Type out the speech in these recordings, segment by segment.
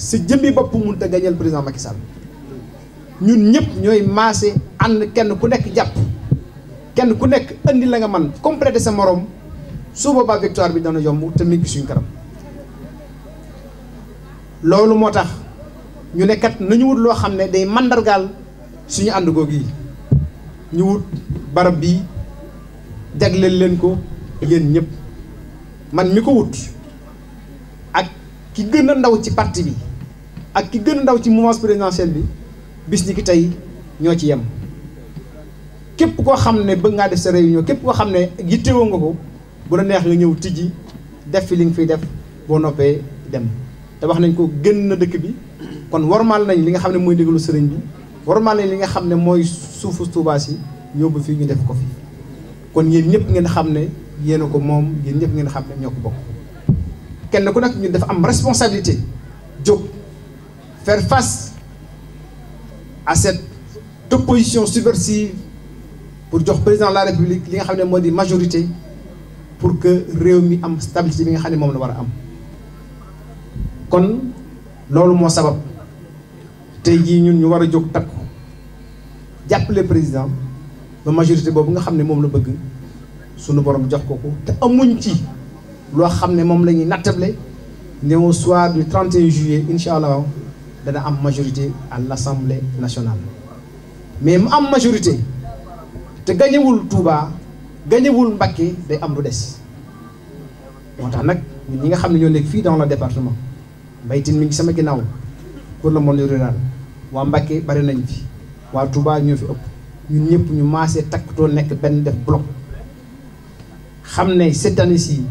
si jëmmi bopp mënut a gañal président Macky Sall ñun ñëpp ñooy maase ànd kenn ku nekk jàpp kenn ku nekk indi la nga man complété sa morom su boobaa victoire bi dana yomb te mi ngi suñu kanam loolu moo tax ñu ne kat nañu wut loo xam ne day mandargaal suñu ànd googu yi ñu wut barab bi jagleel leen ko yéen ñëpp man mi ko wut ak ki gën a ndaw ci parti bi ak ki gën ndaw ci mouvance présidentielle bi bis ni ki tey ñoo ci yem képp koo xam ne bëgg ngaa def sa réunion képp koo xam ne yittewoo nga ko bu la neex nga ñëw tijji def fi li nga fiy def boo noppee dem te wax nañ ko gën na dëkk bi kon warmaal nañ li nga xam ne mooy déglu sëriñ bi warmaal nañ li nga xam ne mooy suufu Tuubaa si ñëw fii ñu def ko fi kon yéen ñëpp ngeen xam ne yéen ko moom yéen ñëpp ngeen xam ne ñoo ko bokk kenn ku nekk ñu dafa am responsabilité jóg faire face à cette opposition subversive pour jox président de la république li nga xam ne majorité pour que réew mi am stabilité bi nga xam ne moom la war a am kon loolu moo sabab tey jii ñun ñu war a takku jàppale président ba majorité boobu nga xam ne moom la bëgg sunu borom jox ko ko te amuñ ci loo xam ne moom la ñuy au soir du 31 juillet incha a am majorité à l'Assemblée nationale mais en majorité te Touba day am lu ñi nga dans le département Vous mi ngi sama ginaaw pour le monde rural bari nañ Touba fi ëpp ñun ñëpp ñu def bloc cette année ci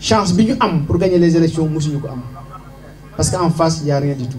chance pour gagner les élections ko am parce qu'en face, il y a rien du tout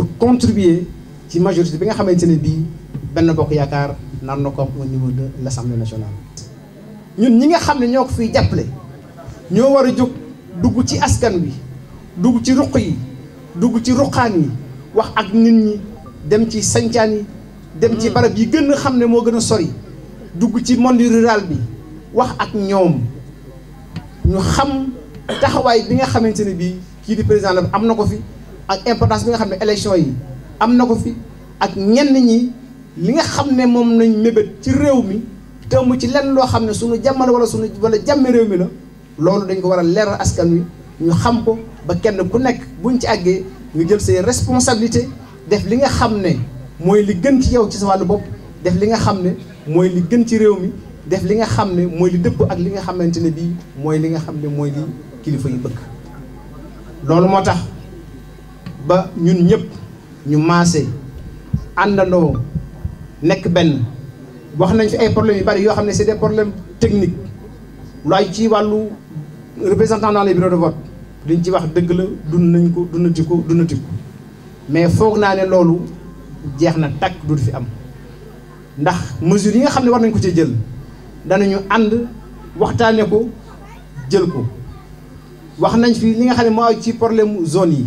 pour contribuer ci majorité bi nga xamante ne bii benn bokk yaakaar nar na ko am au niveau de l' assemblée nationale. ñun ñi nga xam ne ñoo ko fiy jàppale ñoo war a jóg dugg ci askan bi dugg ci ruq yi dugg ci ruqaan yi wax ak nit ñi dem ci sancaan yi. dem ci mm. barab yi gën a xam ne moo gën a sori dugg ci mondi rural bi wax ak ñoom ñu xam taxawaay bi nga xamante ne bii kii di président la am na ko fi. ak importance bi nga xam ne élection yi am na ko fi ak ñenn ñi li nga xam ne moom nañ mébét ci réew mi tëmb ci lenn loo xam ne suñu jàmmal wala suñu wala jàmmi réew mi la loolu dañ ko war a leeral askan wi ñu xam ko ba kenn ku nekk buñ ci àggee ñu jël say responsabilité def li nga xam ne mooy li gën ci yow ci sa wàllu bopp def li nga xam ne mooy li gën ci réew mi def li nga xam ne mooy li dëpp ak li nga xamante ne bii mooy li nga xam ne mooy li kilifa yi bëgg loolu moo tax ba ñun ñëpp ñu maase àndandoo nekk benn wax nañ fi ay problèmes yu bari yoo xam ne c'est des problèmes technique lu ay ci wàllu représentant dans les bureaux de vote liñ ci wax dëgg la dund nañ ko dundati ko dundati ko mais foog naa ne loolu jeex na takk du fi am ndax mesures yi nga xam ne war nañ ko ci jël danañu ànd waxtaane ko jël ko wax nañ fi li nga xam ne moo ci problème zone yi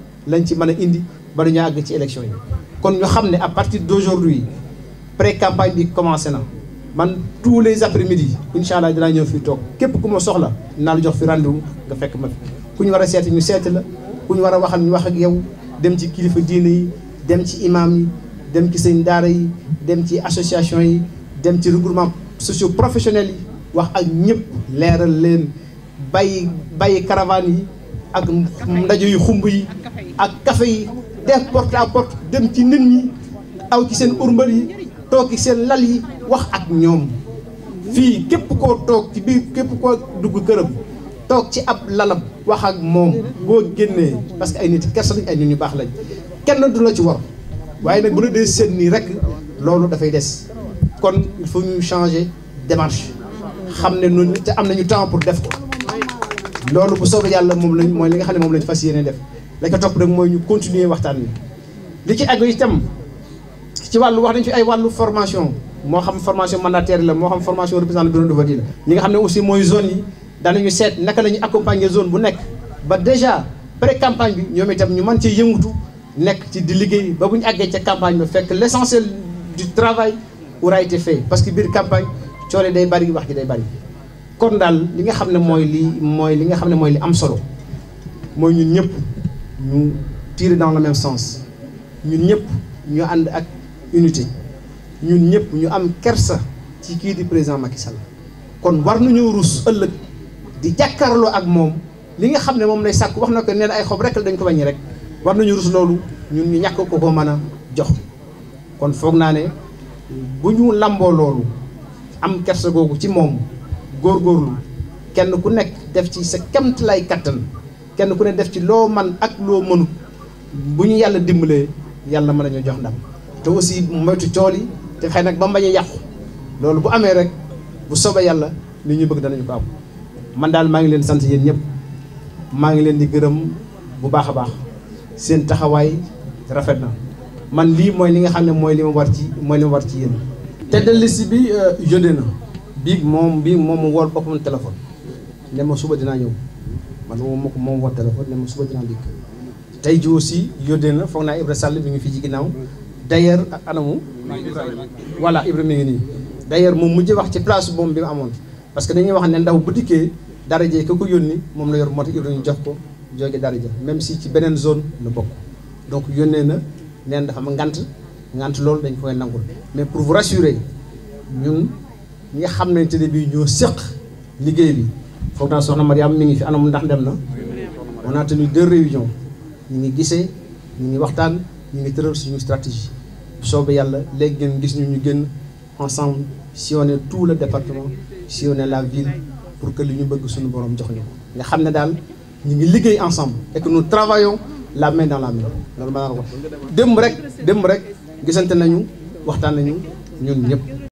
indi ba à partir d'aujourd'hui pré campagne bi commencé tous les après midi inshallah allah dinaa ñëw fii képp ku ma soxla nga fekk ma fi ku ñu ñu la ku ñu dem ci kilifa diine yi dem ci imam yi dem ci daara yi dem ci association yi dem ci regroupement socio professionnel yi wax ak caravane ak ndaje yu xumb yi ak kafe yi def porte à porte dem ci nit ñi aw ci seen urmbal yi toog ci seen lal yi wax ak ñoom fii képp koo toog ci biir képp koo dugg këram toog ci ab lalam wax ak moom boo génnee parce que ay nit kersa lañ ay nit ñu baax lañ kenn du la ci war waaye nag bu la dee seen nii rek loolu dafay des kon il faut ñu changer démarche xam ne noonu te am nañu temps pour def ko loolu bu soobee yàlla moom lañ mooy li nga xam ne moom lañ fas yéene def la ko topp rek mooy ñu continuer waxtaan wi li ci aju itam ci wàllu wax nañ ci ay wàllu formation moo xam formation mandataire la moo xam formation représentant bureau de la ñi nga xam ne aussi mooy zone yi daanañu seet naka lañu accompagner zone bu nekk ba déjà pré campagne bi ñoom itam ñu mën ci yëngutu nekk ci di liggéey ba bu ñu àggee ca campagne ba fekk l' essentiel du travail aura été fait parce que biir campagne coole day bari wax ji day bari kon daal li nga xam ne mooy li mooy li nga xam ne mooy li am solo mooy ñun ñëpp ñu tirer dans le même sens ñun ñëpp ñu ànd ak unité ñun ñëpp ñu am kersa ci kii di président Macky Sall kon war nañu ruus ëllëg di jàkkaarloo ak moom li nga xam ne moom lay sàkk wax na ko nee na ay xob rek la dañ ko bañi rek war nañu rus loolu ñun ñu ñàkk ko ko mën a jox kon foog naa ne bu ñu lamboo loolu am kersa googu ci moom góor góorgóorlu kenn ku nekk def ci sa kemt lay kattan kenn ku ne def ci loo man ak loo mënut bu ñu yàlla dimbalee yàlla mën nañu jox ndam te aussi moytu cool yi te xëy nag ba mu bañ yàqu loolu bu amee rek bu soobee yàlla li ñu bëgg danañu ko am man daal maa ngi leen sant yéen ñëpp maa ngi leen di gërëm bu baax a baax seen taxawaay rafet na man lii mooy li nga xam ne mooy li ma war ci mooy li ma war ci yéen. te de liste bi euh, yónnee na. bii moom bii moom mu woo boppam téléphone ne ma suba dinaa ñëw man moom moo ko moom woo téléphone ne ma suba dinaa dikk tey ji aussi yónnee na foog naa Ibra Sall mi ngi fii ci ginnaaw d'ailleurs ak anamu voilà Ibra mi ngi nii d'ailleurs moom mujj wax ci place boobu bi mu amoon parce que dañuy wax ne ndaw bu dikkee daraje ka ko yónni moom la yor moo tax Ibra ñu jox ko jóge daraja même si ci beneen zone la bokk donc yónnee na neen dafa ma ngant ngant loolu dañ koy nangul mais pour ni nga xam bi ne bii ñoo séq liggéey bi foog naa soxna Mariam mi fi anam ndax dem na on a tenu deux réunions ñu ngi gisee ñu ngi waxtaan ñu ngi tëral suñu stratégie soobee yàlla léegi ngeen gis ñu ñu gën ensemble sillonner tout le département sillonner la ville pour que li ñu bëgg suñu borom jox ñu ko nga xam dal ñi ngi liggéey ensemble et que nous travaillons la main dans la main loolu maa ngi wax démb rek dem rek gisante nañu waxtaan nañu ñun ñëpp